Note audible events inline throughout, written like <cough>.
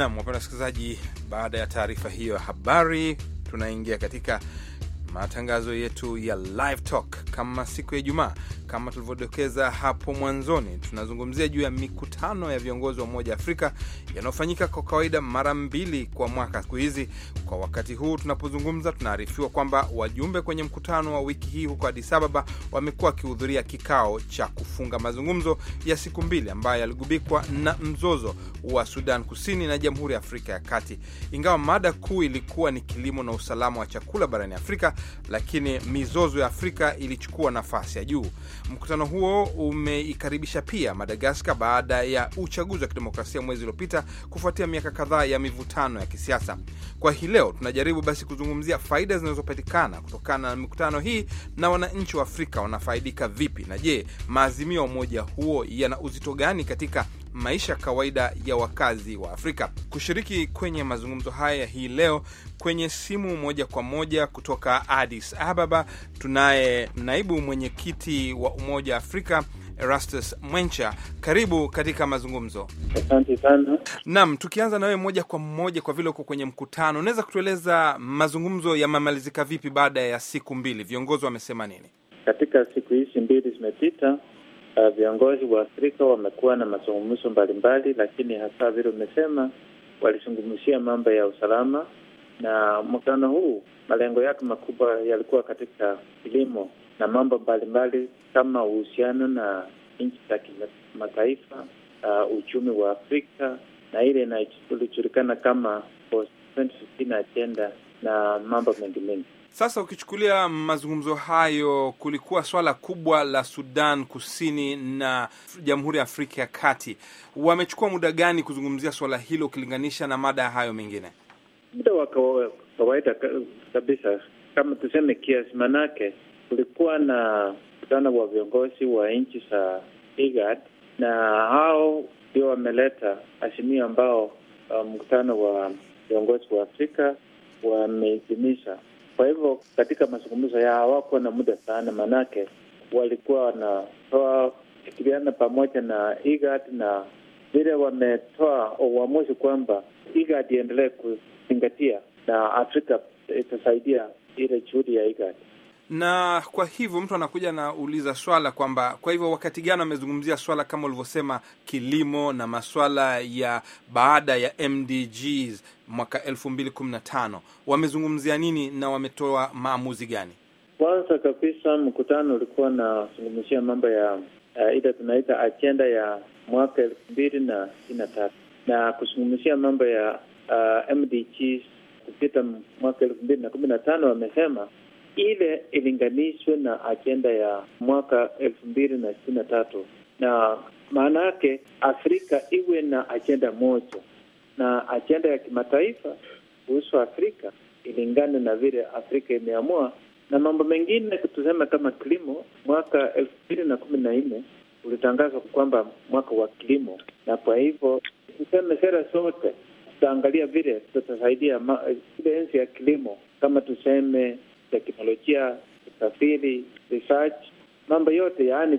Nam, wapenda wasikilizaji, baada ya taarifa hiyo ya habari, tunaingia katika matangazo yetu ya Live Talk kama siku ya Ijumaa. Kama tulivyodokeza hapo mwanzoni, tunazungumzia juu ya mikutano ya viongozi wa Umoja Afrika yanayofanyika kwa kawaida mara mbili kwa mwaka. Siku hizi kwa wakati huu tunapozungumza, tunaarifiwa kwamba wajumbe kwenye mkutano wa wiki hii huko Addis Ababa wamekuwa wakihudhuria kikao cha kufunga mazungumzo ya siku mbili ambayo yaligubikwa na mzozo wa Sudan Kusini na Jamhuri ya Afrika ya Kati. Ingawa mada kuu ilikuwa ni kilimo na usalama wa chakula barani Afrika, lakini mizozo ya Afrika ilichukua nafasi ya juu. Mkutano huo umeikaribisha pia Madagaskar baada ya uchaguzi wa kidemokrasia mwezi uliopita kufuatia miaka kadhaa ya mivutano ya kisiasa. Kwa hii leo tunajaribu basi kuzungumzia faida zinazopatikana kutokana na mikutano hii na wananchi wa Afrika wanafaidika vipi, na je, maazimio ya umoja huo yana uzito gani katika maisha ya kawaida ya wakazi wa Afrika. Kushiriki kwenye mazungumzo haya hii leo kwenye simu moja kwa moja kutoka Addis Ababa, tunaye naibu mwenyekiti wa Umoja wa Afrika Erastus Mwencha, karibu katika mazungumzo. Asante sana. Naam, tukianza na wewe moja kwa moja, kwa vile uko kwenye mkutano, unaweza kutueleza mazungumzo yamemalizika vipi baada ya siku mbili? Viongozi wamesema nini katika siku hizi mbili zimepita? uh, viongozi wa Afrika wamekuwa na mazungumzo mbalimbali, lakini hasa vile umesema, walizungumzia mambo ya usalama, na mkutano huu malengo yake makubwa yalikuwa katika kilimo na mambo mbalimbali kama uhusiano na nchi za kimataifa, uh, uchumi wa Afrika na ile inayojulikana kama post 2015 agenda na mambo mengi mengi. Sasa ukichukulia mazungumzo hayo, kulikuwa swala kubwa la Sudan Kusini na Jamhuri ya Afrika ya Kati. Wamechukua muda gani kuzungumzia swala hilo ukilinganisha na mada hayo mengine? Muda wa kawaida kabisa, kama tuseme kiasi, manake kulikuwa na mkutano wa viongozi wa nchi za IGAD na hao ndio wameleta azimio ambao uh, mkutano wa viongozi wa Afrika wameidhinisha kwa hivyo katika mazungumzo yao hawakuwa na muda sana, manake walikuwa wanatoa fikiriana pamoja na IGAD na vile wametoa uamuzi kwamba IGAD iendelee kuzingatia na Afrika itasaidia ile juhudi ya IGAD na kwa hivyo mtu anakuja anauliza swala kwamba kwa hivyo wakati gani amezungumzia swala kama ulivyosema kilimo na maswala ya baada ya MDGs mwaka elfu mbili kumi na tano wamezungumzia nini na wametoa maamuzi gani? Kwanza kabisa mkutano ulikuwa nazungumzia mambo ya uh, ile tunaita ajenda ya mwaka elfu mbili na ishii na tatu na kuzungumzia mambo ya uh, eh, MDGs kupita mwaka elfu mbili na kumi na tano wamesema ile ilinganishwe na ajenda ya mwaka elfu mbili na ishirini na tatu na maana yake Afrika iwe na ajenda moja na ajenda ya kimataifa kuhusu Afrika ilingane na vile Afrika imeamua, na mambo mengine tuseme kama kilimo. Mwaka elfu mbili na kumi na nne ulitangazwa kwamba mwaka wa kilimo, na kwa hivyo tuseme sera zote tutaangalia vile tutasaidia ile enzi ya kilimo, kama tuseme teknolojia, usafiri, research, mambo yote yaani,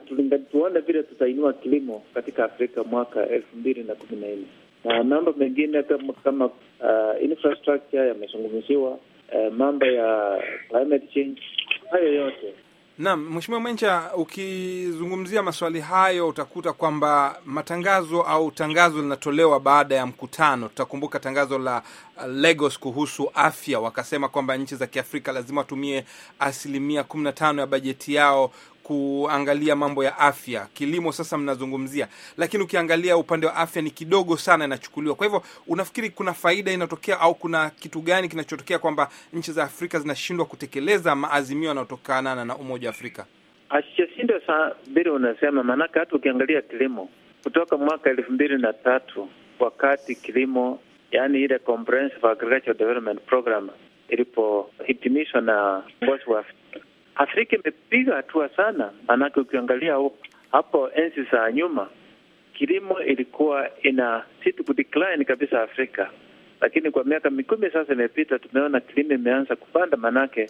tuone vile tutainua kilimo katika Afrika mwaka elfu mbili na kumi na nne na mambo mengine kama, kama uh, infrastructure yamezungumziwa, uh, mambo ya climate change, hayo yote Naam, Mheshimiwa Mwencha, ukizungumzia maswali hayo utakuta kwamba matangazo au tangazo linatolewa baada ya mkutano. Tutakumbuka tangazo la uh, Lagos kuhusu afya, wakasema kwamba nchi za Kiafrika lazima watumie asilimia 15 ya bajeti yao kuangalia mambo ya afya. Kilimo sasa mnazungumzia, lakini ukiangalia upande wa afya ni kidogo sana inachukuliwa. Kwa hivyo unafikiri kuna faida inatokea au kuna kitu gani kinachotokea kwamba nchi za Afrika zinashindwa kutekeleza maazimio yanayotokana na Umoja wa Afrika? Asichoshindwa sana bili, unasema maanake, hata ukiangalia kilimo kutoka mwaka elfu mbili na tatu wakati kilimo, yani ile Comprehensive Agricultural Development Program ilipohitimishwa na Bosworth Afrika imepiga hatua sana, maanake ukiangalia hapo enzi za nyuma kilimo ilikuwa ina situ ku decline kabisa Afrika, lakini kwa miaka mikumi sasa imepita, tumeona kilimo imeanza kupanda, maanake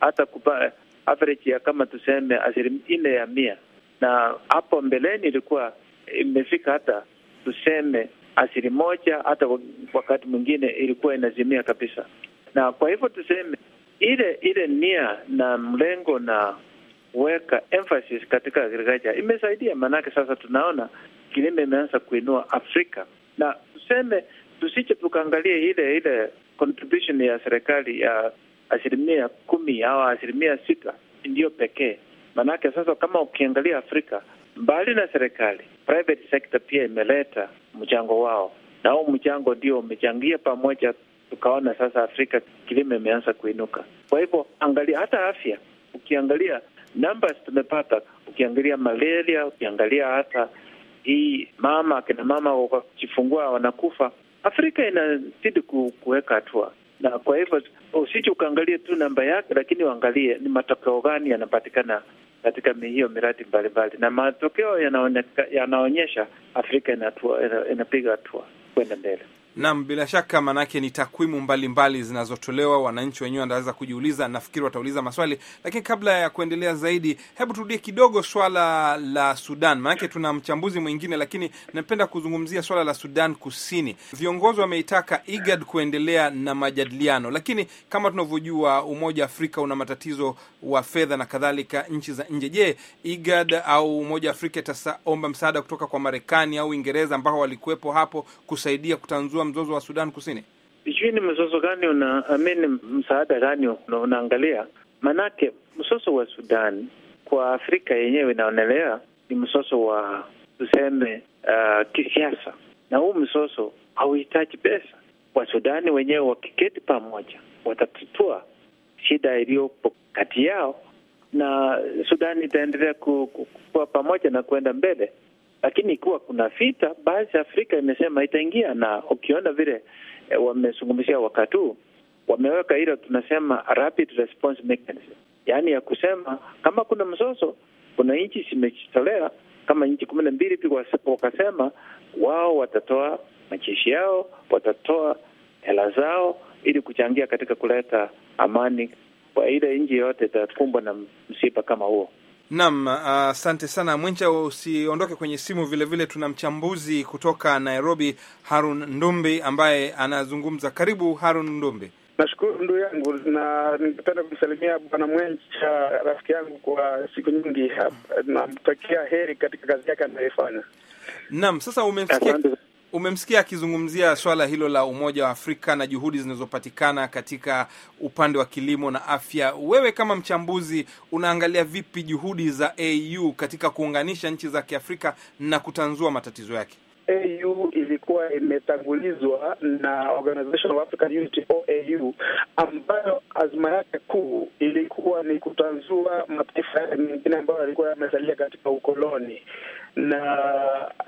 hata kupa average ya kama tuseme asilimia nne ya mia, na hapo mbeleni ilikuwa imefika hata tuseme asili moja, hata wakati mwingine ilikuwa inazimia kabisa, na kwa hivyo tuseme ile ile nia na mlengo na weka emphasis katika agriculture imesaidia, maanake sasa tunaona kilimo imeanza kuinua Afrika, na tuseme tusiche tukaangalia ile ile contribution ya serikali ya asilimia kumi au asilimia sita ndiyo pekee. Maanake sasa kama ukiangalia Afrika, mbali na serikali, private sector pia imeleta mchango wao, na huu mchango ndio umechangia pamoja tukaona sasa Afrika kilimo imeanza kuinuka. Kwa hivyo angalia hata afya, ukiangalia numbers tumepata, ukiangalia malaria, ukiangalia hata hii mama akina mama kifungua wanakufa, Afrika inazidi kuweka hatua, na kwa hivyo usiji ukaangalie tu namba yake, lakini uangalie ni matokeo gani yanapatikana katika hiyo miradi mbalimbali, na matokeo yanaonyesha Afrika inapiga hatua kwenda mbele. Naam, bila shaka, maanake ni takwimu mbalimbali zinazotolewa. Wananchi wenyewe wanaweza kujiuliza, nafikiri watauliza maswali, lakini kabla ya kuendelea zaidi, hebu turudie kidogo swala la Sudan, maanake tuna mchambuzi mwingine, lakini napenda kuzungumzia swala la Sudan Kusini. Viongozi wameitaka IGAD kuendelea na majadiliano, lakini kama tunavyojua, Umoja wa Afrika una matatizo wa fedha na kadhalika, nchi za nje. Je, IGAD au Umoja wa Afrika itaomba msaada kutoka kwa Marekani au Uingereza ambao walikuwepo hapo kusaidia kutanzua wa mzozo wa Sudan Kusini? Sijui ni mzozo gani una amini, msaada gani unaangalia? Manake mzozo wa Sudan kwa Afrika yenyewe inaonelea ni mzozo wa tuseme, uh, kisiasa, na huu mzozo hauhitaji pesa. Wasudani wenyewe wakiketi pamoja watatutua shida iliyopo kati yao, na Sudani itaendelea kuwa pamoja na kuenda mbele lakini ikiwa kuna vita, basi Afrika imesema itaingia, na ukiona vile e, wamezungumzia wakati huu wameweka ile tunasema rapid response mechanism, yaani ya kusema kama kuna mzozo, kuna nchi zimejitolea kama nchi kumi na mbili wakasema wao watatoa majeshi yao, watatoa hela zao ili kuchangia katika kuleta amani kwa ile nchi yote itakumbwa na msiba kama huo. Naam, asante uh, sana Mwencha, usiondoke kwenye simu. Vilevile vile tuna mchambuzi kutoka Nairobi, Harun Ndumbi ambaye anazungumza. Karibu Harun Ndumbi. Nashukuru ndugu yangu, na ningependa kumsalimia bwana Mwencha, rafiki yangu kwa siku nyingi, namtakia heri katika kazi yake anayoifanya. Naam, sasa umemsikia Umemsikia akizungumzia swala hilo la Umoja wa Afrika na juhudi zinazopatikana katika upande wa kilimo na afya. Wewe kama mchambuzi, unaangalia vipi juhudi za AU katika kuunganisha nchi za Kiafrika na kutanzua matatizo yake? AU ilikuwa imetangulizwa na Organization of African Unity OAU, ambayo azma yake kuu ilikuwa ni kutanzua mataifa yale mengine ambayo yalikuwa yamesalia katika ukoloni na,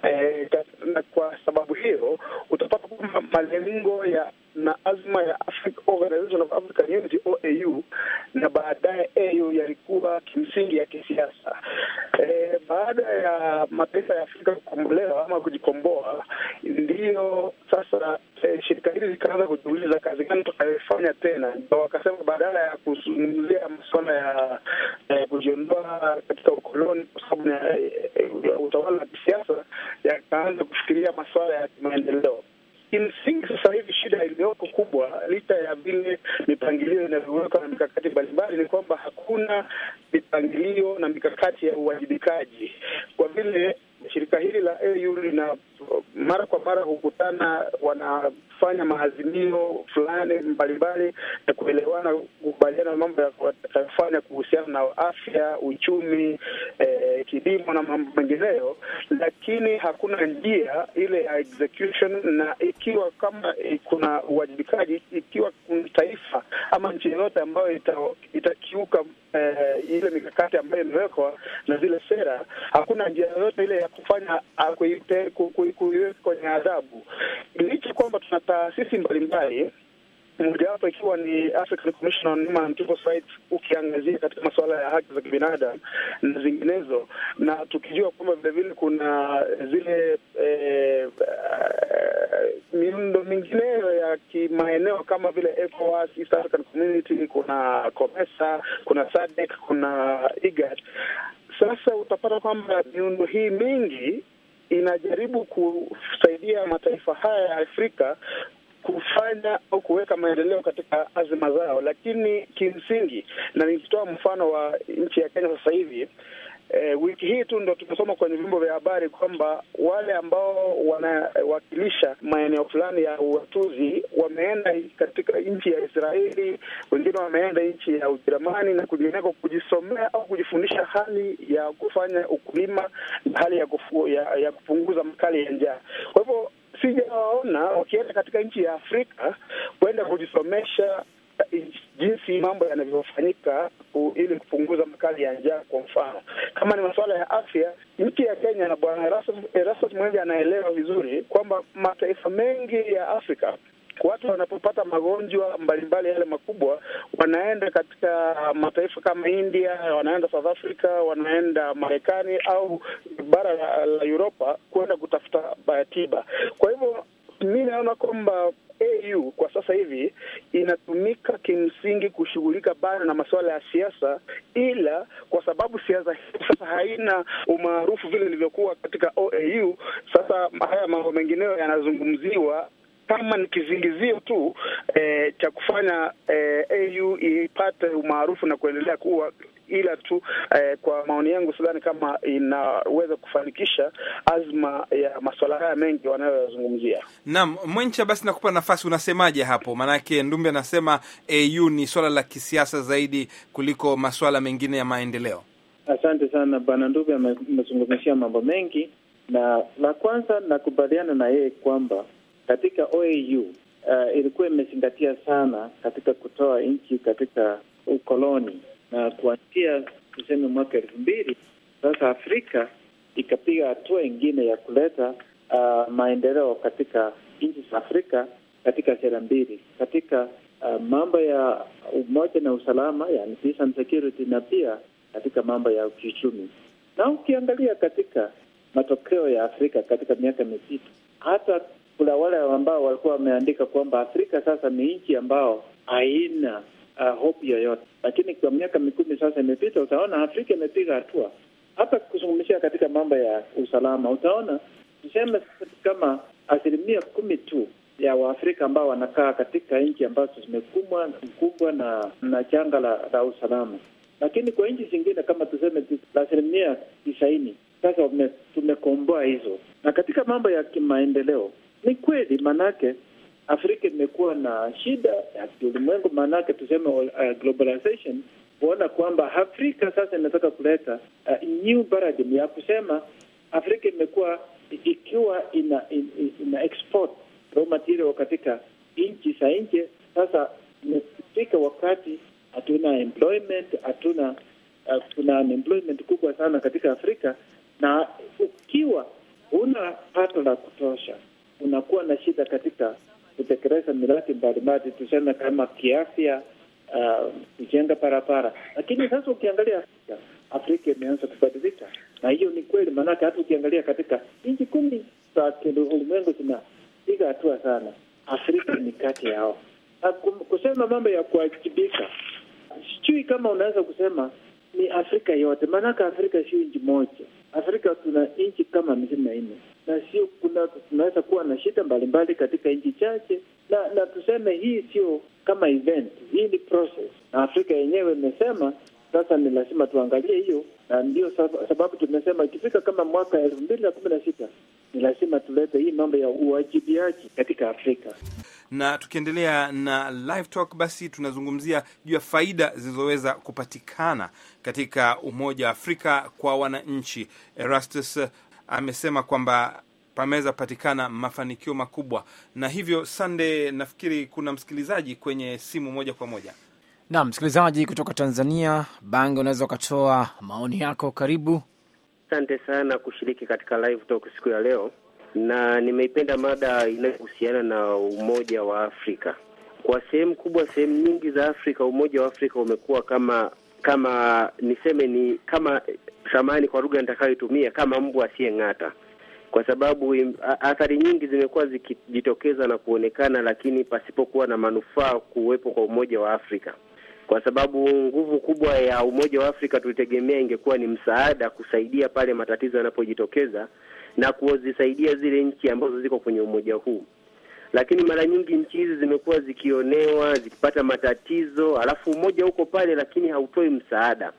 eh, na kwa sababu hiyo utapata kwamba malengo ya na azma ya Africa Organization of African Unity OAU, na baadaye AU yalikuwa kimsingi ya kisiasa. E, baada ya mataifa ya Afrika kukombolewa ama kujikomboa, ndiyo sasa e, shirika hili likaanza kujiuliza kazi gani tutakayofanya tena. Ndo wakasema badala ya kuzungumzia masuala ya e, kujiondoa katika ukoloni kwa sababu ya e, e, utawala wa kisiasa, yakaanza kufikiria masuala ya kimaendeleo. Kimsingi sasa hivi shida iliyoko kubwa, licha ya vile mipangilio inavyowekwa na mikakati mbalimbali, ni kwamba hakuna mipangilio na mikakati ya uwajibikaji kwa vile shirika hili la AU lina mara kwa mara hukutana, wanafanya maazimio fulani mbalimbali na kuelewana, kukubaliana mambo yatakayofanya kuhusiana na afya, uchumi, eh, kilimo na mambo mengineyo, lakini hakuna njia ile ya execution. Na ikiwa kama eh, kuna uwajibikaji, ikiwa taifa ama nchi yoyote ambayo itakiuka ita eh, ile mikakati ambayo imewekwa na zile sera, hakuna njia yoyote ile ya kufanya ah, kuiweka kwenye adhabu, licha kwamba tuna taasisi mbalimbali mojawapo ikiwa ni African Commission on Human Rights, ukiangazia katika masuala ya haki za kibinadamu na zinginezo, na tukijua kwamba vilevile kuna zile eh, uh, miundo mingineyo ya kimaeneo kama vile ECOWAS, East African Community, kuna COMESA, kuna SADC, kuna IGAD. Sasa utapata kwamba miundo hii mingi inajaribu kusaidia mataifa haya ya Afrika kufanya au kuweka maendeleo katika azima zao, lakini kimsingi, na nikitoa mfano wa nchi ya Kenya sasa hivi E, wiki hii tu ndo tumesoma kwenye vyombo vya habari kwamba wale ambao wanawakilisha maeneo fulani ya uwatuzi wameenda katika nchi ya Israeli, wengine wameenda nchi ya Ujerumani na kwingineko kujisomea au kujifundisha hali ya kufanya ukulima na hali ya, kufu, ya, ya kupunguza makali ya njaa. Kwa hivyo sijawaona wakienda katika nchi ya Afrika kwenda kujisomesha eh, jinsi mambo yanavyofanyika ili kupunguza makali ya njaa. Kwa mfano, kama ni masuala ya afya, nchi ya Kenya na bwana Erasmus Mwenje anaelewa vizuri kwamba mataifa mengi ya Afrika watu wanapopata magonjwa mbalimbali yale makubwa, wanaenda katika mataifa kama India, wanaenda South Africa, wanaenda Marekani au bara la, la Uropa kwenda kutafuta tiba. Kwa hivyo mi naona kwamba AU kwa sasa hivi inatumika kimsingi kushughulika bado na masuala ya siasa, ila kwa sababu siasa sasa haina umaarufu vile ilivyokuwa katika OAU, sasa haya mambo mengineyo yanazungumziwa kama ni kizingizio tu eh, cha kufanya eh, AU ipate umaarufu na kuendelea kuwa ila tu eh, kwa maoni yangu sidhani kama inaweza kufanikisha azma ya masuala haya mengi wanayoyazungumzia. Naam, Mwencha, basi nakupa nafasi, unasemaje hapo? Maanake Ndumbe anasema AU ni swala la kisiasa zaidi kuliko masuala mengine ya maendeleo. Asante sana Bwana Ndumbe, amezungumzia mambo mengi, na la kwanza nakubaliana na yeye kwamba katika OAU uh, ilikuwa imezingatia sana katika kutoa nchi katika ukoloni na kuanzia tuseme mwaka elfu mbili sasa Afrika ikapiga hatua ingine ya kuleta uh, maendeleo katika nchi za Afrika katika sera mbili, katika uh, mambo ya umoja na usalama, yani peace and security, na pia katika mambo ya kiuchumi. Na ukiangalia katika matokeo ya Afrika katika miaka misita, hata kuna wale ambao walikuwa wameandika kwamba Afrika sasa ni nchi ambao haina uh, hope yoyote, lakini kwa miaka mikumi sasa imepita, utaona Afrika imepiga hatua hata kuzungumzia katika mambo ya usalama. Utaona tuseme kama asilimia kumi tu ya Waafrika ambao wanakaa katika nchi ambazo zimekumbwa mkubwa na na janga la, la usalama, lakini kwa nchi zingine kama tuseme asilimia tisaini sasa tumekomboa hizo. Na katika mambo ya kimaendeleo ni kweli, maanake Afrika imekuwa na shida ya kiulimwengu, maanake tuseme uh, globalization kuona kwamba Afrika sasa inataka kuleta uh, new paradigm ya kusema Afrika imekuwa ikiwa ina, ina, ina export raw material katika nchi za nje. Sasa imefika wakati hatuna employment, hatuna uh, employment kubwa sana katika Afrika, na ukiwa huna pato la kutosha unakuwa na shida katika kutekeleza miradi mbalimbali, tuseme kama kiafya, uh, kujenga uh, barabara. Lakini sasa ukiangalia Afrika, Afrika imeanza kubadilika, na hiyo ni kweli, maanake hata ukiangalia katika nchi kumi za ulimwengu zinapiga hatua sana, Afrika ni kati yao. Kusema mambo ya kuwajibika, sijui kama unaweza kusema ni Afrika yote, maanake Afrika sio nchi moja. Afrika tuna nchi kama mizima ine nne na sio kuna, tunaweza kuwa na shida mbalimbali katika nchi chache, na na tuseme hii sio kama event, hii ni process, na Afrika yenyewe imesema sasa ni lazima tuangalie hiyo, na ndio sababu tumesema ikifika kama mwaka elfu mbili na kumi na sita ni lazima tulete hii mambo ya uwajibiaji katika Afrika. Na tukiendelea na live talk, basi tunazungumzia juu ya faida zilizoweza kupatikana katika Umoja wa Afrika kwa wananchi. Erastus amesema kwamba pameweza patikana mafanikio makubwa, na hivyo Sande, nafikiri kuna msikilizaji kwenye simu moja kwa moja. Naam, msikilizaji kutoka Tanzania, Bange, unaweza ukatoa maoni yako, karibu. Asante sana kushiriki katika live talk siku ya leo, na nimeipenda mada inayohusiana na umoja wa Afrika. Kwa sehemu kubwa, sehemu nyingi za Afrika, umoja wa Afrika umekuwa kama kama niseme ni kama samani, kwa lugha nitakayoitumia, kama mbwa asiyeng'ata, kwa sababu athari nyingi zimekuwa zikijitokeza na kuonekana, lakini pasipokuwa na manufaa kuwepo kwa Umoja wa Afrika, kwa sababu nguvu kubwa ya Umoja wa Afrika tulitegemea ingekuwa ni msaada, kusaidia pale matatizo yanapojitokeza na kuzisaidia zile nchi ambazo ziko kwenye umoja huu lakini mara nyingi nchi hizi zimekuwa zikionewa, zikipata matatizo, alafu umoja uko pale, lakini hautoi msaada.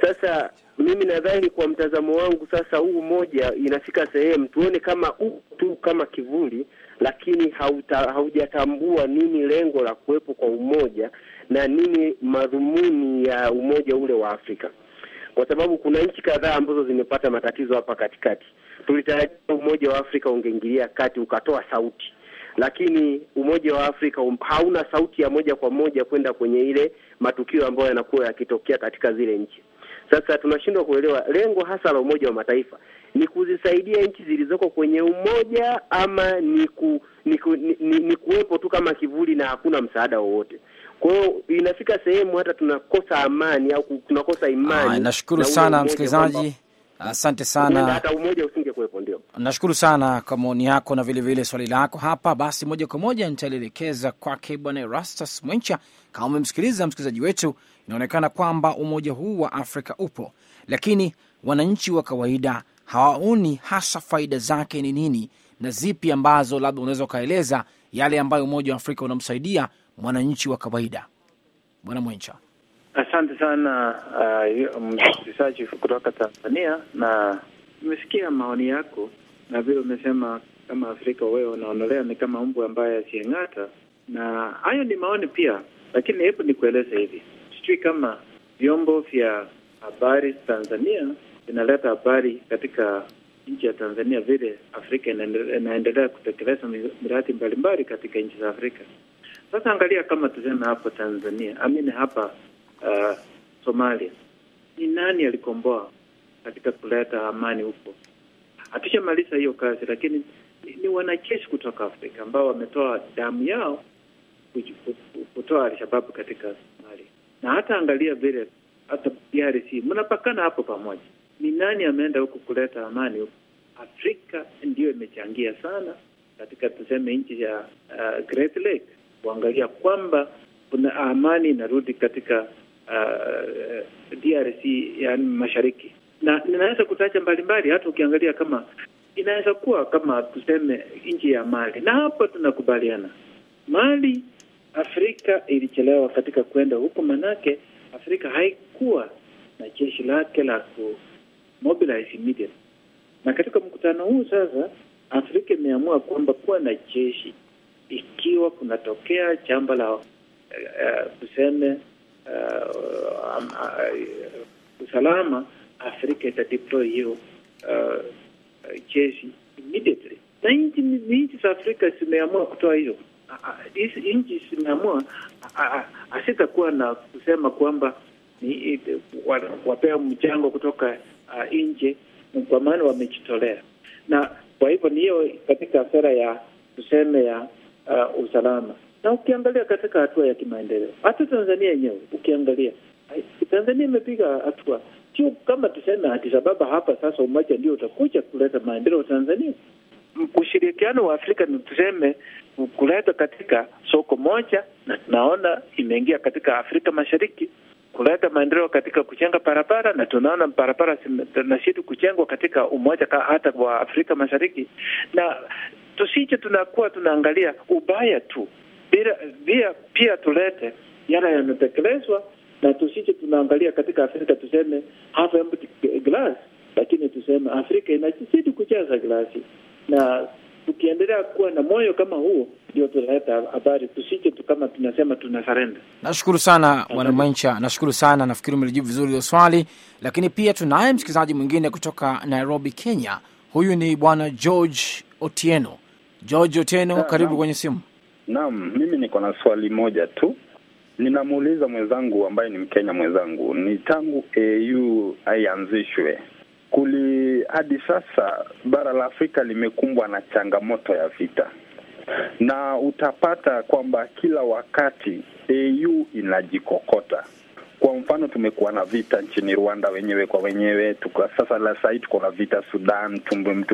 Sasa mimi nadhani kwa mtazamo wangu, sasa huu umoja inafika sehemu tuone kama huu tu kama kivuli, lakini haujatambua nini lengo la kuwepo kwa umoja na nini madhumuni ya umoja ule wa Afrika, kwa sababu kuna nchi kadhaa ambazo zimepata matatizo hapa katikati. Tulitarajia umoja wa Afrika ungeingilia kati ukatoa sauti lakini Umoja wa Afrika um, hauna sauti ya moja kwa moja kwenda kwenye ile matukio ambayo yanakuwa yakitokea katika zile nchi. Sasa tunashindwa kuelewa lengo hasa la Umoja wa Mataifa ni kuzisaidia nchi zilizoko kwenye umoja ama ni, ku, ni, ku, ni, ni, ni kuwepo tu kama kivuli na hakuna msaada wowote. Kwa hiyo inafika sehemu hata tunakosa amani au tunakosa imani. Nashukuru na sana msikilizaji, asante sana. Hata umoja usingekuwepo. Nashukuru sana kwa maoni yako na vilevile vile swali lako hapa. Basi moja kwa moja nitalielekeza kwake Bwana Erastus Mwencha. Kama umemsikiliza msikilizaji wetu, inaonekana kwamba umoja huu wa Afrika upo, lakini wananchi wa kawaida hawaoni hasa faida zake ni nini na zipi ambazo labda unaweza ukaeleza yale ambayo umoja wa Afrika unamsaidia mwananchi wa kawaida. Bwana Mwencha. Asante sana uh, msikilizaji kutoka Tanzania na imesikia maoni yako na vile umesema kama Afrika wewe unaonelea ni kama mbwa ambaye asiyeng'ata, na hayo ni maoni pia, lakini hebu nikueleze hivi, sijui kama vyombo vya habari Tanzania vinaleta habari katika nchi ya Tanzania vile Afrika inaendelea kutekeleza miradi mbalimbali katika nchi za Afrika. Sasa angalia, kama tuseme hapo Tanzania, amini hapa uh, Somalia, ni nani alikomboa katika kuleta amani huko? hatushamaliza hiyo kazi, lakini ni wanajeshi kutoka Afrika ambao wametoa damu yao kutoa Alshababu katika Somalia. Na hata angalia vile hata DRC mnapakana hapo pamoja, ni nani ameenda huku kuleta amani huku? Afrika ndiyo imechangia sana katika tuseme nchi ya uh, Great Lake kuangalia kwamba kuna amani inarudi katika uh, DRC, yani mashariki na ninaweza kutaja mbalimbali. Hata ukiangalia kama inaweza kuwa kama tuseme nchi ya Mali, na hapa tunakubaliana, Mali Afrika ilichelewa katika kwenda huko, manake Afrika haikuwa na jeshi lake la ku mobilize Na katika mkutano huu sasa, Afrika imeamua kwamba kuwa na jeshi ikiwa kunatokea jambo la uh, tuseme uh, um, uh, usalama Africa itadeploy hiyo uh, uh, jeshi immediately, na nchi za Afrika zimeamua kutoa hiyo nchi zimeamua asitakuwa na kusema kwamba ni wapea mchango kutoka uh, nje, kwa maana wamejitolea. Na kwa hivyo ni hiyo katika sera ya tuseme ya uh, usalama. Na ukiangalia katika hatua ya kimaendeleo, hata Tanzania yenyewe ukiangalia, Tanzania imepiga hatua sio kama tuseme hati sababu hapa sasa umoja ndio utakuja kuleta maendeleo Tanzania. Ushirikiano wa Afrika ni tuseme kuleta katika soko moja, na tunaona imeingia katika Afrika Mashariki kuleta maendeleo katika kujenga barabara, na tunaona barabara zinazidi kujengwa katika umoja hata wa Afrika Mashariki, na tusije tunakuwa tunaangalia ubaya tu bila, bila pia tulete yale yanatekelezwa na tusije tunaangalia katika Afrika tuseme half empty glass, lakini tuseme Afrika inazidi kujaza glasi. Na tukiendelea kuwa na moyo kama huo, ndio tunaleta habari, tusije tu kama tunasema tunasarenda. Nashukuru sana Bwana Mwencha, nashukuru sana. Nafikiri umelijibu vizuri hilo swali, lakini pia tunaye msikilizaji mwingine kutoka Nairobi, Kenya. Huyu ni Bwana George Otieno. George Otieno, ah, karibu kwenye simu. Naam, mimi niko na swali moja tu ninamuuliza mwenzangu ambaye ni Mkenya mwenzangu, ni tangu AU aianzishwe kuli hadi sasa bara la Afrika limekumbwa na changamoto ya vita, na utapata kwamba kila wakati AU inajikokota kwa mfano tumekuwa na vita nchini Rwanda wenyewe kwa wenyewe, tuka sasa la sahii tuko na vita Sudan,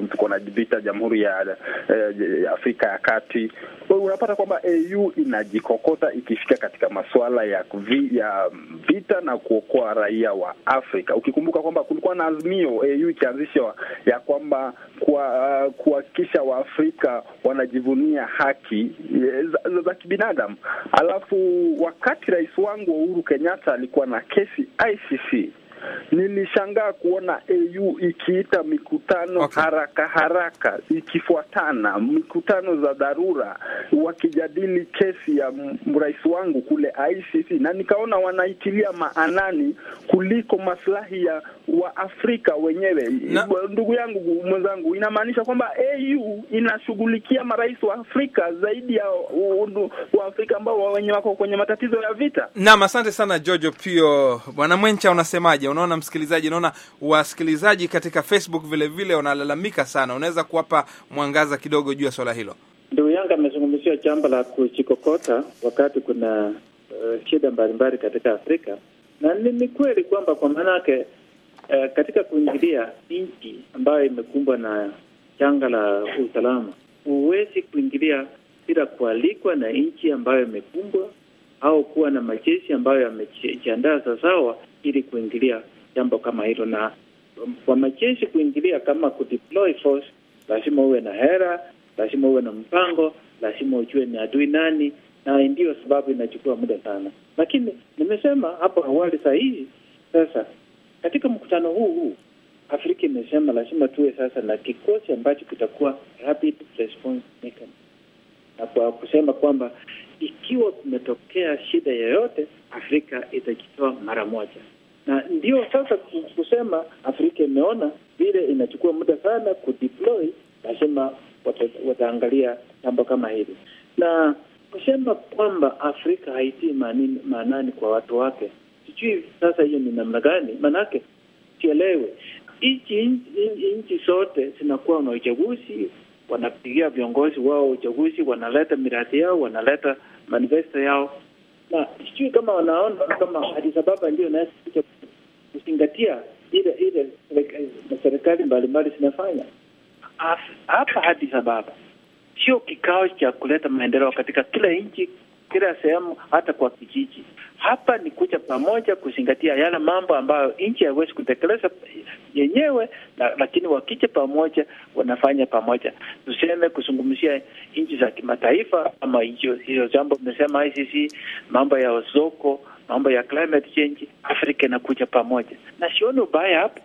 tuko na vita Jamhuri ya eh, Afrika ya Kati. Unapata kwamba AU inajikokota ikifika katika masuala ya, kuvi, ya vita na kuokoa raia wa Afrika, ukikumbuka kwamba kulikuwa na azimio AU ikianzishwa ya kwamba kuhakikisha kwa Waafrika wanajivunia haki eh, za, za, za kibinadamu. Alafu wakati rais wangu wa Uhuru Kenyatta kulikuwa na kesi ICC nilishangaa kuona AU ikiita mikutano okay, haraka haraka ikifuatana mikutano za dharura, wakijadili kesi ya rais wangu kule ICC, na nikaona wanaitilia maanani kuliko maslahi ya Waafrika wenyewe na... ndugu yangu mwenzangu, inamaanisha kwamba AU inashughulikia marais wa Afrika zaidi ya Waafrika ambao wenye wako kwenye matatizo ya vita. Naam, asante sana Jojo Pio. Bwana Mwencha, unasemaje? Unaona msikilizaji, naona wasikilizaji katika Facebook vile vile wanalalamika sana. Unaweza kuwapa mwangaza kidogo juu ya swala hilo? Ndugu yangu amezungumzia jambo la kuchikokota wakati kuna uh, shida mbalimbali katika Afrika, na ni kweli kwamba kwa maanake uh, eh, katika kuingilia nchi ambayo imekumbwa na janga la usalama, huwezi kuingilia bila kualikwa na nchi ambayo imekumbwa au kuwa na majeshi ambayo yamejiandaa sawasawa ili kuingilia jambo kama hilo. Na kwa majeshi kuingilia kama kudeploy force, lazima uwe na hera, lazima uwe na mpango, lazima ujue ni adui nani, na ndiyo sababu inachukua muda sana. Lakini nimesema hapo awali, saa sasa katika mkutano huu huu Afrika imesema lazima tuwe sasa na kikosi ambacho kitakuwa rapid response mechanism, na kwa kusema kwamba ikiwa kumetokea shida yoyote, Afrika itajitoa mara moja, na ndio sasa kusema Afrika imeona vile inachukua muda sana kudeploy, lazima wataangalia jambo kama hili na kusema kwamba Afrika haitii maanani kwa watu wake, sijui sasa hiyo ni namna gani? Maanake sielewe, nchi zote zinakuwa na uchaguzi wanapigia viongozi wao uchaguzi, wanaleta miradi yao, wanaleta manifesto yao, na sijui kama wanaona kama Addis Ababa ndio naweza kuzingatia ile ile eh, serikali mbalimbali zinafanya hapa Addis Ababa sio kikao cha kuleta maendeleo katika kila nchi, kila sehemu, hata kwa kijiji. Hapa ni kuja pamoja kuzingatia yale mambo ambayo nchi haiwezi kutekeleza yenyewe, lakini wakija pamoja wanafanya pamoja. Tuseme kuzungumzia nchi za kimataifa ama hiyo jambo tumesema ICC, mambo ya soko, mambo ya climate change, Afrika inakuja pamoja, na sioni ubaya hapo,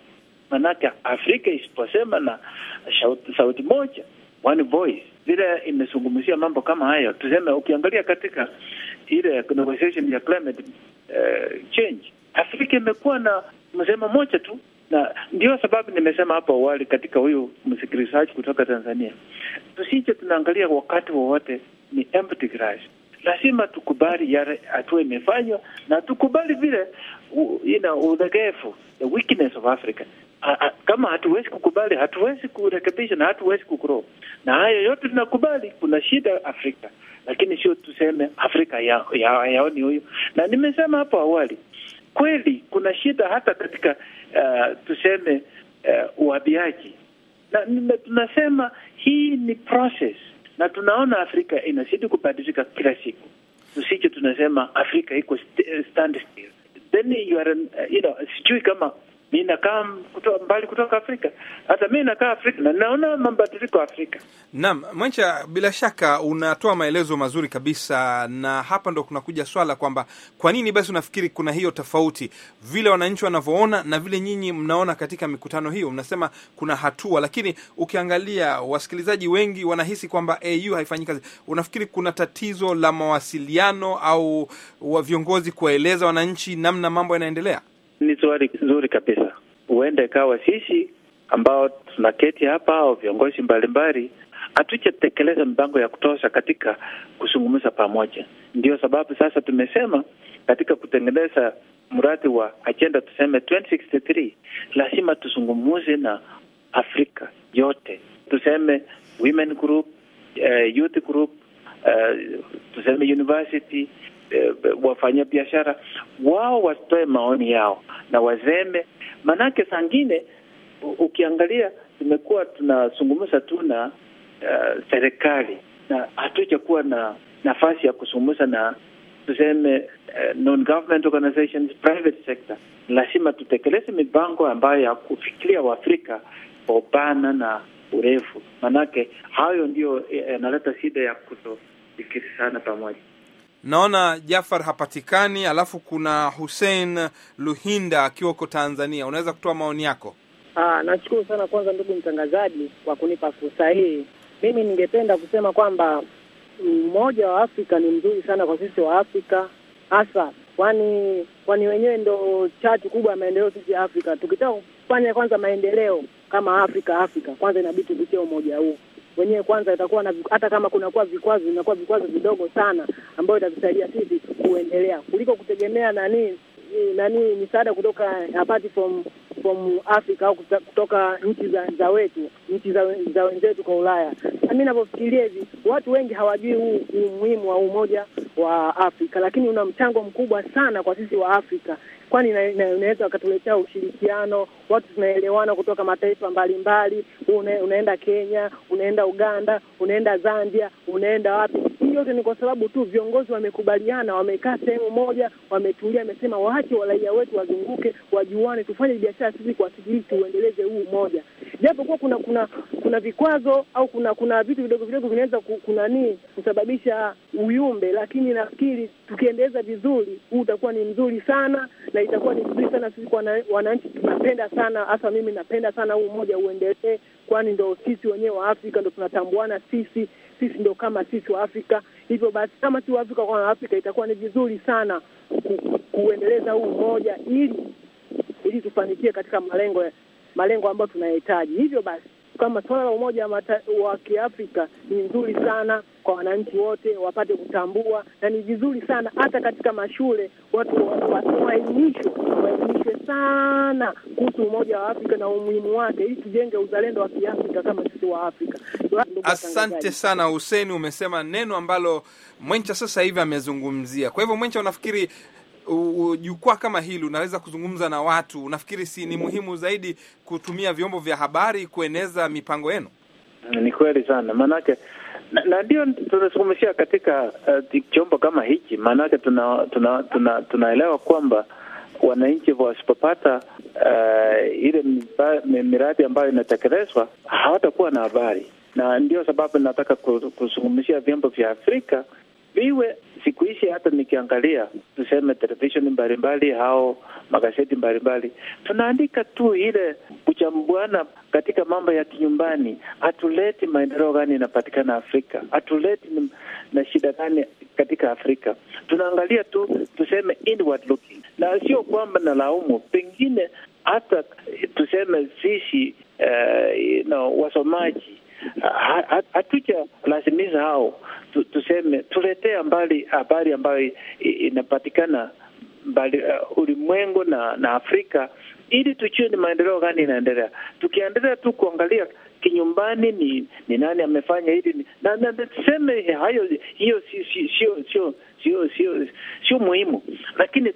manake Afrika isiposema na sauti moja, one voice vile imezungumzia mambo kama hayo. Tuseme ukiangalia katika ile negotiation ya climate uh, change, Afrika imekuwa na msemo mmoja tu, na ndio sababu nimesema hapo awali katika huyu msikilizaji kutoka Tanzania, tusije tunaangalia wakati wowote ni empty glass. Lazima tukubali yale hatua imefanywa na tukubali vile, ina udhaifu, the weakness of Africa kama hatuwezi kukubali, hatuwezi kurekebisha na hatuwezi kugrow. Na hayo yote tunakubali, kuna shida Afrika, lakini sio tuseme Afrika ya, ya, yaoni huyu. Na nimesema hapo awali, kweli kuna shida hata katika uh, tuseme uabiaji uh, na tunasema hii ni process, na tunaona Afrika inazidi kubadilika kila siku. Tusije tunasema Afrika iko stand still, then you are, you know, sijui kama mi nakaa kuto, mbali kutoka Afrika, hata mi nakaa Afrika na naona mabadiliko Afrika. Naam, Mwencha, bila shaka unatoa maelezo mazuri kabisa, na hapa ndo kunakuja swala kwamba kwa nini basi unafikiri kuna hiyo tofauti vile wananchi wanavyoona na vile nyinyi mnaona katika mikutano hiyo? Mnasema kuna hatua, lakini ukiangalia wasikilizaji wengi wanahisi kwamba AU haifanyi kazi. Unafikiri kuna tatizo la mawasiliano au viongozi kuwaeleza wananchi namna mambo yanaendelea? Ni swali nzuri kabisa. Huenda ikawa sisi ambao tunaketi hapa au viongozi mbalimbali hatujatekeleza mipango ya kutosha katika kuzungumza pamoja. Ndio sababu sasa tumesema katika kutengeneza mradi wa ajenda tuseme 2063 lazima tuzungumuze na Afrika yote, tuseme women group, uh, youth group, uh, tuseme university e, wafanyabiashara wao wasitoe maoni yao na wazeme, manake sangine ukiangalia tumekuwa tunazungumza tu na uh, serikali na hatujakuwa na nafasi ya kuzungumza na tuseme uh, non-government organizations, private sector. Lazima tutekeleze mipango ambayo ya kufikiria Waafrika kwa upana na urefu, manake hayo ndio yanaleta shida ya kutofikiri sana pamoja. Naona Jafar hapatikani, alafu kuna Hussein Luhinda akiwa uko Tanzania. Unaweza kutoa maoni yako? Aa, ah, nashukuru sana kwanza, ndugu mtangazaji, kwa kunipa fursa hii. Mimi ningependa kusema kwamba mmoja wa Afrika ni mzuri sana kwa sisi wa Afrika hasa, kwani kwani wenyewe ndo chachu kubwa ya maendeleo sisi Afrika. Tukitaka kufanya kwanza maendeleo kama Afrika Afrika, kwanza inabidi tupitie umoja huu wenyewe kwanza itakuwa na, hata kama kunakuwa vikwazo vinakuwa vikwazo vidogo sana, ambayo itatusaidia sisi kuendelea kuliko kutegemea nani nani misaada kutoka apart from from Africa au kutoka nchi za, za wetu nchi za, za wenzetu kwa Ulaya. Mimi navyofikiria hivi, watu wengi hawajui huu umuhimu wa umoja wa Afrika, lakini una mchango mkubwa sana kwa sisi wa Afrika kwani inaweza wakatuletea ushirikiano, watu tunaelewana kutoka mataifa mbalimbali. Une, unaenda Kenya, unaenda Uganda, unaenda Zambia, unaenda wapi? Hii yote ni kwa sababu tu viongozi wamekubaliana, wamekaa sehemu moja, wametulia, amesema waache walaia wetu wazunguke, wajuane, tufanye biashara sisi kwa sisi, tuendeleze huu umoja, japo kuwa kuna kuna kuna vikwazo au kuna kuna vitu vidogo vidogo vinaweza kunanii kusababisha uyumbe, lakini nafikiri tukiendeleza vizuri, huu utakuwa ni mzuri sana na itakuwa ni vizuri sana sisi kwa wananchi. Tunapenda sana hasa mimi napenda sana huu umoja uendelee, kwani ndo sisi wenyewe wa Afrika ndo tunatambuana sisi, sisi ndo kama sisi wa Afrika. Hivyo basi kama si Waafrika kwa Afrika, itakuwa ni vizuri sana ku, kuendeleza huu umoja ili ili tufanikie katika malengo malengo ambayo tunayahitaji. Hivyo basi kama suala la umoja wa Kiafrika ni nzuri sana kwa wananchi wote wapate kutambua, na ni vizuri sana hata katika mashule watu waelimishwe, waelimishwe sana kuhusu umoja wa Afrika na umuhimu wake, ili tujenge uzalendo wa Kiafrika kama sisi wa Afrika. Asante sana Huseni, umesema neno ambalo Mwencha sasa hivi amezungumzia. Kwa hivyo Mwencha, unafikiri jukwaa kama hili unaweza kuzungumza na watu, unafikiri si ni muhimu zaidi kutumia vyombo vya habari kueneza mipango yenu? Ni kweli sana, maanake na ndio tunazungumzia katika uh, chombo kama hichi, maanake tunaelewa tuna, tuna, tuna kwamba wananchi wasipopata uh, ile miradi ambayo inatekelezwa hawatakuwa na habari, na ndio sababu nataka kuzungumzia vyombo vya Afrika viwe siku hizi hata nikiangalia tuseme televisheni mbalimbali au magazeti mbalimbali, tunaandika tu ile kuchambuana katika mambo ya kinyumbani. Hatuleti maendeleo gani inapatikana Afrika, hatuleti na shida gani katika Afrika. Tunaangalia tu tuseme inward looking, na sio kwamba nalaumu, pengine hata tuseme sisi habari ambayo inapatikana mbali uh, ulimwengu na na Afrika ili tujue ni maendeleo gani inaendelea. Tukiendelea tu kuangalia kinyumbani ni, ni nani amefanya hili na, na, na tuseme hayo, hiyo sio sio sio sio muhimu, lakini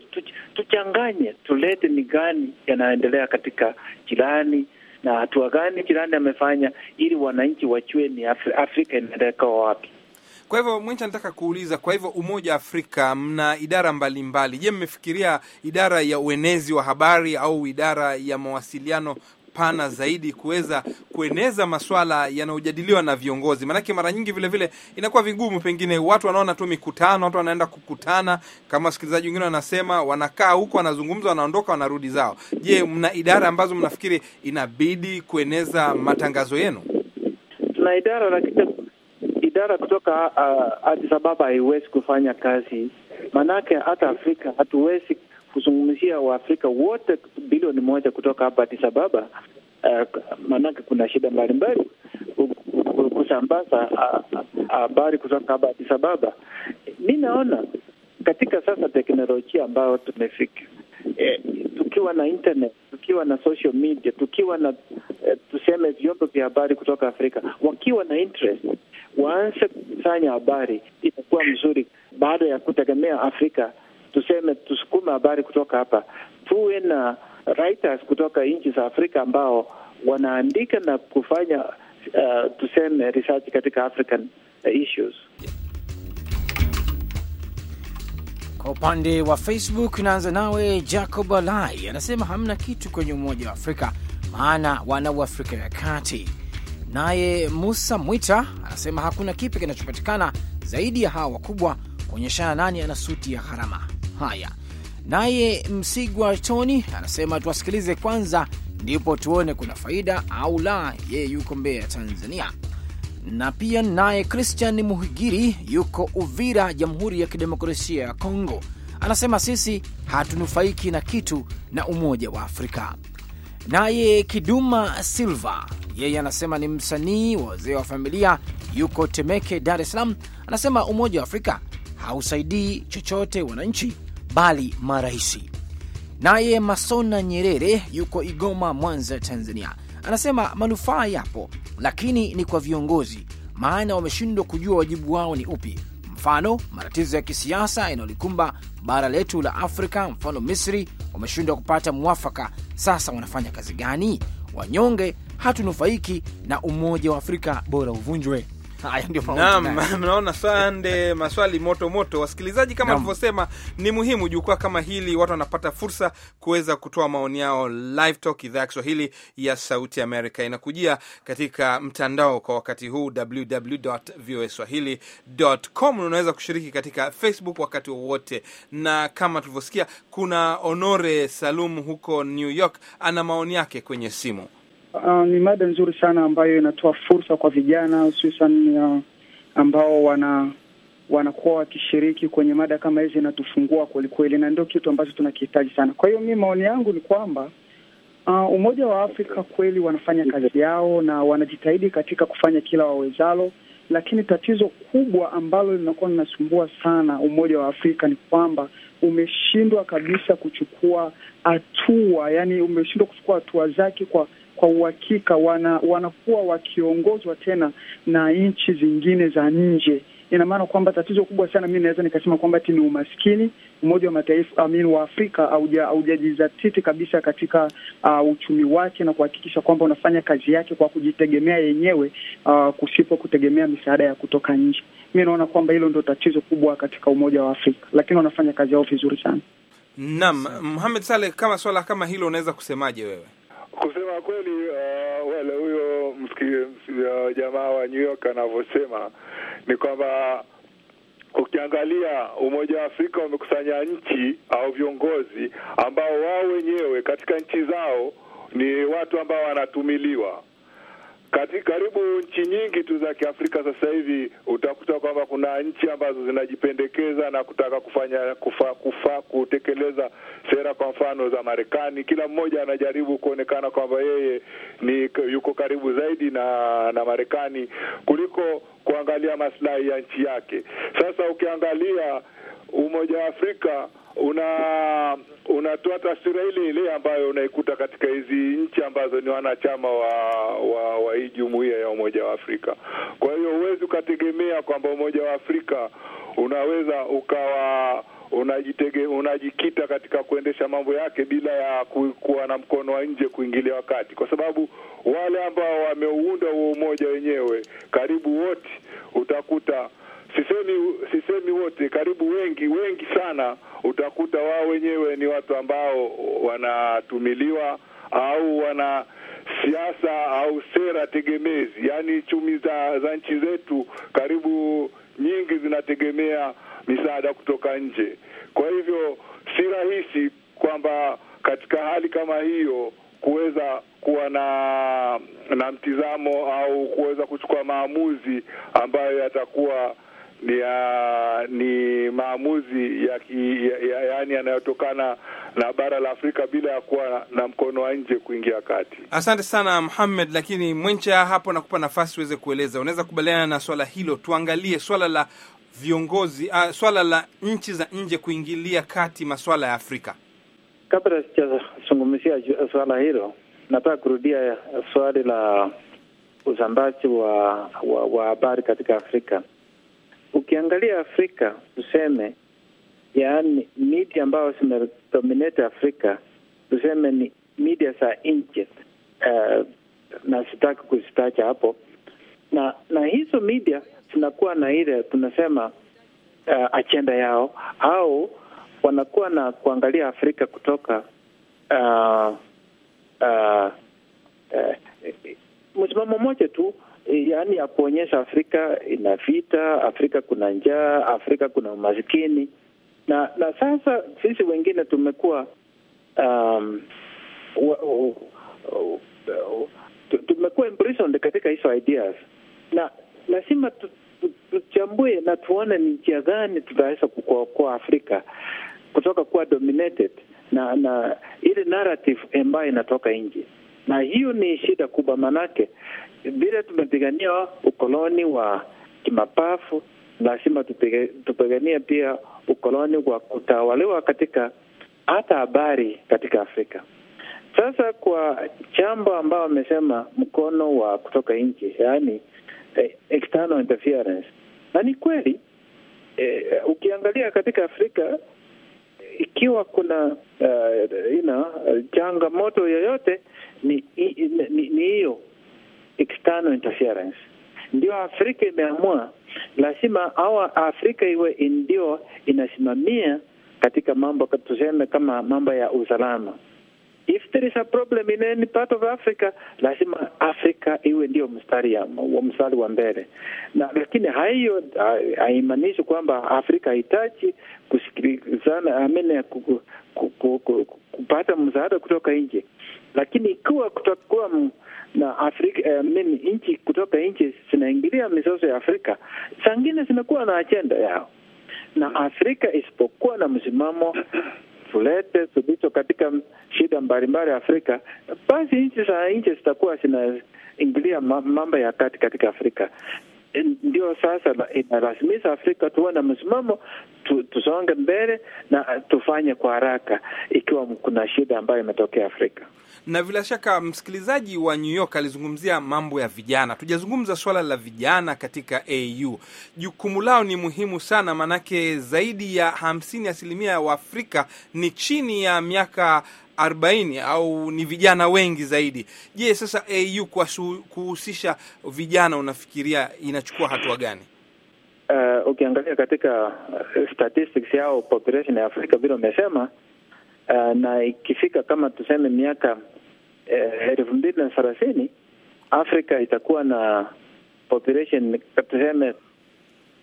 tuchanganye, tulete ni gani yanaendelea katika jirani na hatua gani jirani amefanya, ili wananchi wachue ni Afrika inaendelea wapi. Kwa hivyo Mwencha, nataka kuuliza, kwa hivyo Umoja wa Afrika mna idara mbalimbali. Je, mmefikiria idara ya uenezi wa habari au idara ya mawasiliano pana zaidi kuweza kueneza maswala yanayojadiliwa na viongozi. Maanake mara nyingi vilevile vile inakuwa vigumu, pengine watu wanaona tu mikutano, watu wanaenda kukutana, kama wasikilizaji wengine wanasema, wanakaa huko, wanazungumza, wanaondoka, wanarudi zao. Je, mna idara ambazo mnafikiri inabidi kueneza matangazo yenu? Tuna idara lakini idara kutoka uh, Addis Ababa haiwezi kufanya kazi, maanake hata Afrika hatuwezi kuzungumzia Waafrika wote bilioni moja kutoka hapa Addis Ababa. Uh, maanake kuna shida mbalimbali kusambaza uh, habari uh, uh, kutoka hapa Addis Ababa. Mi naona katika sasa teknolojia ambayo tumefika eh, tukiwa na internet, tukiwa na social media, tukiwa na eh, tuseme vyombo vya habari kutoka Afrika wakiwa na interest waanze kufanya habari, itakuwa mzuri. Baada ya kutegemea Afrika, tuseme tusukume habari kutoka hapa, tuwe na writers kutoka nchi za Afrika ambao wanaandika na kufanya uh, tuseme research katika African issues. Kwa upande wa Facebook, naanza nawe Jacob Alai anasema hamna kitu kwenye Umoja wa Afrika, maana wana Uafrika ya Kati. Naye Musa Mwita anasema hakuna kipi kinachopatikana zaidi ya hawa wakubwa kuonyeshana nani ana suti ya gharama. Haya, naye Msigwa Toni anasema tuwasikilize kwanza, ndipo tuone kuna faida au la. Yeye yuko Mbeya ya Tanzania. Na pia naye Christian Muhigiri yuko Uvira, Jamhuri ya Kidemokrasia ya Kongo, anasema sisi hatunufaiki na kitu na Umoja wa Afrika. Naye Kiduma Silva yeye anasema ni msanii wa wazee wa familia, yuko Temeke, Dar es Salaam. Anasema Umoja wa Afrika hausaidii chochote wananchi, bali marahisi. Naye Masona Nyerere yuko Igoma, Mwanza, Tanzania, anasema manufaa yapo, lakini ni kwa viongozi, maana wameshindwa kujua wajibu wao ni upi. Mfano, matatizo ya kisiasa yanayolikumba bara letu la Afrika, mfano Misri, wameshindwa kupata mwafaka. Sasa wanafanya kazi gani? Wanyonge hatunufaiki na umoja wa Afrika, bora uvunjwe. mnaona <laughs> sande. Maswali moto moto, wasikilizaji, kama alivyosema, ni muhimu jukwaa kama hili, watu wanapata fursa kuweza kutoa maoni yao. Live Talk idhaa ya Kiswahili ya Sauti Amerika inakujia katika mtandao kwa wakati huu www.voaswahili.com. Unaweza kushiriki katika Facebook wakati wowote, na kama tulivyosikia, kuna Honore Salum huko New York ana maoni yake kwenye simu. Uh, ni mada nzuri sana ambayo inatoa fursa kwa vijana hususan uh, ambao wana wanakuwa wakishiriki kwenye mada kama hizi, inatufungua kwelikweli, na ndio kitu ambacho tunakihitaji sana. Kwa hiyo mi maoni yangu ni kwamba uh, Umoja wa Afrika kweli wanafanya kazi yao na wanajitahidi katika kufanya kila wawezalo, lakini tatizo kubwa ambalo linakuwa linasumbua sana Umoja wa Afrika ni kwamba umeshindwa kabisa kuchukua hatua, yani umeshindwa kuchukua hatua zake kwa kwa uhakika wana, wanakuwa wakiongozwa tena na nchi zingine za nje. Ina maana kwamba tatizo kubwa sana, mi naweza nikasema kwamba ti ni umaskini. Umoja wa Mataifa amin wa Afrika haujajizatiti kabisa katika uh, uchumi wake na kuhakikisha kwamba unafanya kazi yake kwa kujitegemea yenyewe, uh, kusipo kutegemea misaada ya kutoka nje. Mi naona kwamba hilo ndo tatizo kubwa katika Umoja wa Afrika, lakini wanafanya kazi yao vizuri sana. Naam, Mohamed Saleh, kama swala kama hilo unaweza kusemaje wewe? Kusema kweli, uh, wale huyo uh, jamaa wa New York anavyosema ni kwamba ukiangalia Umoja wa Afrika wamekusanya nchi au viongozi ambao wao wenyewe katika nchi zao ni watu ambao wanatumiliwa kati karibu nchi nyingi tu za Kiafrika sasa hivi utakuta kwamba kuna nchi ambazo zinajipendekeza na kutaka kufanya kufa, kufa kutekeleza sera kwa mfano za Marekani. Kila mmoja anajaribu kuonekana kwamba yeye ni yuko karibu zaidi na na Marekani kuliko kuangalia maslahi ya nchi yake. Sasa ukiangalia Umoja wa Afrika una unatoa taswira ile ile ambayo unaikuta katika hizi nchi ambazo ni wanachama wa wa, wa hii jumuiya ya Umoja wa Afrika. Kwa hiyo huwezi ukategemea kwamba Umoja wa Afrika unaweza ukawa unajitege unajikita katika kuendesha mambo yake bila ya kuwa na mkono wa nje kuingilia wakati, kwa sababu wale ambao wameuunda huo umoja wenyewe karibu wote utakuta sisemi, sisemi wote, karibu wengi wengi sana, utakuta wao wenyewe ni watu ambao wanatumiliwa au wana siasa au sera tegemezi. Yaani chumi za, za nchi zetu karibu nyingi zinategemea misaada kutoka nje. Kwa hivyo si rahisi kwamba katika hali kama hiyo kuweza kuwa na na mtizamo au kuweza kuchukua maamuzi ambayo yatakuwa ni, ya, ni maamuzi ya, ya, ya, yaani yanayotokana na bara la Afrika bila ya kuwa na mkono wa nje kuingia kati. Asante sana Muhammad, lakini Mwencha hapo nakupa nafasi uweze kueleza, unaweza kubaliana na swala hilo. Tuangalie swala la viongozi uh, swala la nchi za nje kuingilia kati maswala ya Afrika. Kabla sijazungumzia swala hilo, nataka kurudia swali la usambaji wa habari wa, habari katika Afrika ukiangalia Afrika tuseme, yaani media ambayo zimedominate Afrika tuseme ni media za nje uh, na sitaki kuzitacha hapo, na na hizo media zinakuwa na ile tunasema uh, eh, ajenda yao au wanakuwa na kuangalia Afrika kutoka uh, uh, uh, msimamo mmoja tu Eh, yaani ya kuonyesha Afrika ina vita, Afrika kuna njaa, Afrika kuna umaskini na na sasa sisi wengine tumekuwa um, tumekuwa imprisoned katika hizo ideas, na lazima tuchambue na tuone ni njia gani tutaweza kukoa Afrika kutoka kuwa dominated na na ile narrative ambayo inatoka nje na hiyo ni shida kubwa, manake vile tumepigania ukoloni wa kimapafu, lazima tupigania pia ukoloni wa kutawaliwa katika hata habari katika Afrika. Sasa kwa jambo ambao amesema mkono wa kutoka nje, yaani eh, external interference, na ni kweli eh, ukiangalia katika Afrika ikiwa kuna uh, eh, ina know, eh, changamoto yoyote ni hiyo external interference. Ndio Afrika imeamua lazima au Afrika iwe ndio inasimamia katika mambo tuseme kama mambo ya usalama. If there is a problem in any part of Africa, lazima Afrika iwe ndio mstari wa mstari wa mbele, na lakini haiyo haimaanishi kwamba Afrika haitaji kusikilizana, amene kupata msaada kutoka nje lakini ikiwa kutakuwa na Afrika eh, mimi nchi kutoka nchi zinaingilia mizozo ya Afrika, zangine zimekuwa na ajenda yao, na Afrika isipokuwa na msimamo fulete subito katika shida mbalimbali Afrika, basi nchi za nje zitakuwa zinaingilia mambo ya kati katika Afrika ndio sasa eh, inalazimisha Afrika tuwe na msimamo, tusonge mbele na tufanye kwa haraka ikiwa kuna shida ambayo imetokea Afrika. Na bila shaka msikilizaji wa New York alizungumzia mambo ya vijana. Tujazungumza swala la vijana katika AU. Jukumu lao ni muhimu sana, maanake zaidi ya hamsini asilimia ya Waafrika ni chini ya miaka arobaini au ni vijana wengi zaidi. Je, sasa AU kuhusisha vijana unafikiria inachukua hatua gani? Uh, ukiangalia katika eh, statistics yao population ya Afrika vile umesema, uh, eh, na ikifika kama tuseme miaka elfu mbili na thelathini Afrika itakuwa na population tuseme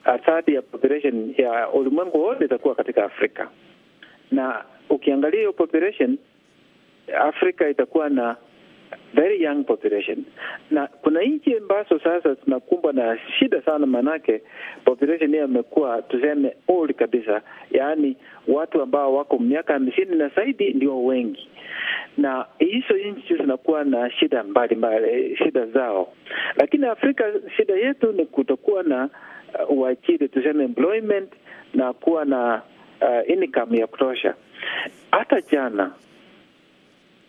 athadi ya population ya ulimwengu wote itakuwa katika Afrika, na ukiangalia hiyo population Afrika itakuwa na very young population, na kuna nchi ambazo sasa tunakumbwa na shida sana, manake population hiyo imekuwa tuseme old kabisa, yaani watu ambao wako miaka hamsini na zaidi ndio wengi, na hizo nchi zinakuwa na shida mbalimbali, eh, shida zao. Lakini Afrika shida yetu ni kutokuwa na uh, uajiri, uh, tuseme employment na kuwa na uh, income ya kutosha. Hata jana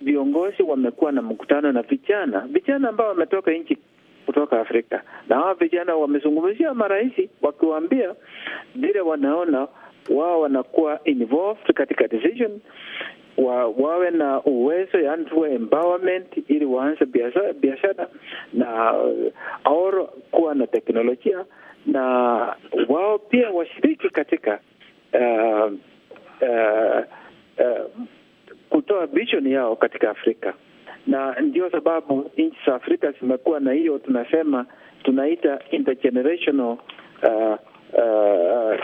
viongozi wamekuwa na mkutano na vijana vijana ambao wametoka nchi kutoka Afrika, na hawa vijana wamezungumzia marais wakiwaambia vile wanaona wao wanakuwa involved katika decision wa, wawe na uwezo yani tuwe empowerment ili waanze biashara, biashara na au uh, kuwa na teknolojia na wao pia washiriki katika uh, uh, uh, kutoa vision yao katika Afrika, na ndio sababu nchi za Afrika zimekuwa na hiyo tunasema tunaita intergenerational uh, uh,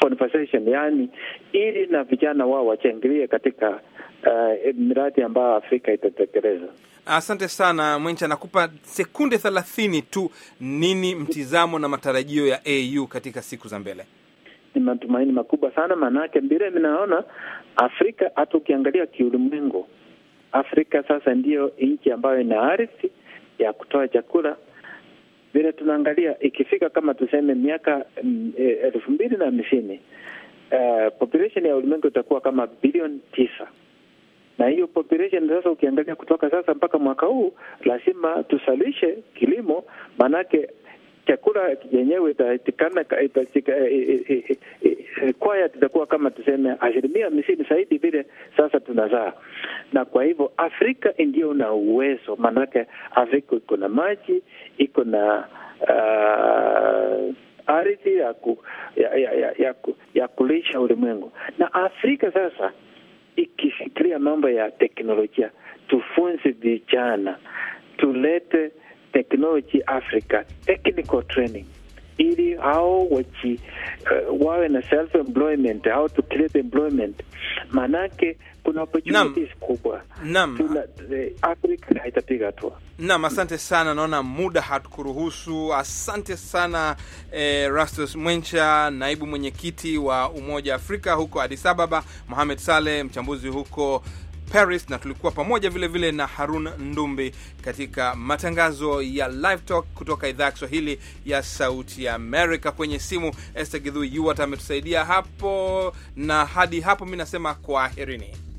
conversation, yani ili na vijana wao wachangilie katika uh, miradi ambayo Afrika itatekeleza. Asante sana Mwencha, nakupa sekunde thelathini tu. Nini mtizamo na matarajio ya AU katika siku za mbele? ni matumaini makubwa sana, maanake mbire minaona Afrika hata ukiangalia kiulimwengu, Afrika sasa ndiyo nchi ambayo ina ardhi ya kutoa chakula. Vile tunaangalia ikifika kama tuseme miaka mm, e, elfu mbili na hamsini uh, population ya ulimwengu itakuwa kama bilioni tisa na hiyo population sasa, ukiangalia kutoka sasa mpaka mwaka huu, lazima tusalishe kilimo, maanake chakula yenyewe itatikana kwaya tutakuwa kama tuseme asilimia hamsini zaidi vile sasa tunazaa, na kwa hivyo Afrika ndio na uwezo, maanake Afrika iko na maji, iko na uh, ardhi ya, ku, ya, ya, ya, ya, ya kulisha ulimwengu. Na Afrika sasa ikifikiria mambo ya teknolojia, tufunze vijana, tulete Technology Africa technical training ili hao wachi, uh, eh, wawe na self employment au to create employment, manake kuna opportunities kubwa. Naam, africa haitapiga tu Naam, asante sana, naona muda hatukuruhusu. Asante sana eh, Rastus Mwencha, naibu mwenyekiti wa Umoja Afrika huko Addis Ababa, Mohamed Saleh, mchambuzi huko Paris, na tulikuwa pamoja vile vile na Harun Ndumbi katika matangazo ya Live Talk kutoka idhaa ya Kiswahili ya Sauti ya Amerika. Kwenye simu Esther Gidhu Yuwat ametusaidia hapo, na hadi hapo mi nasema kwaherini.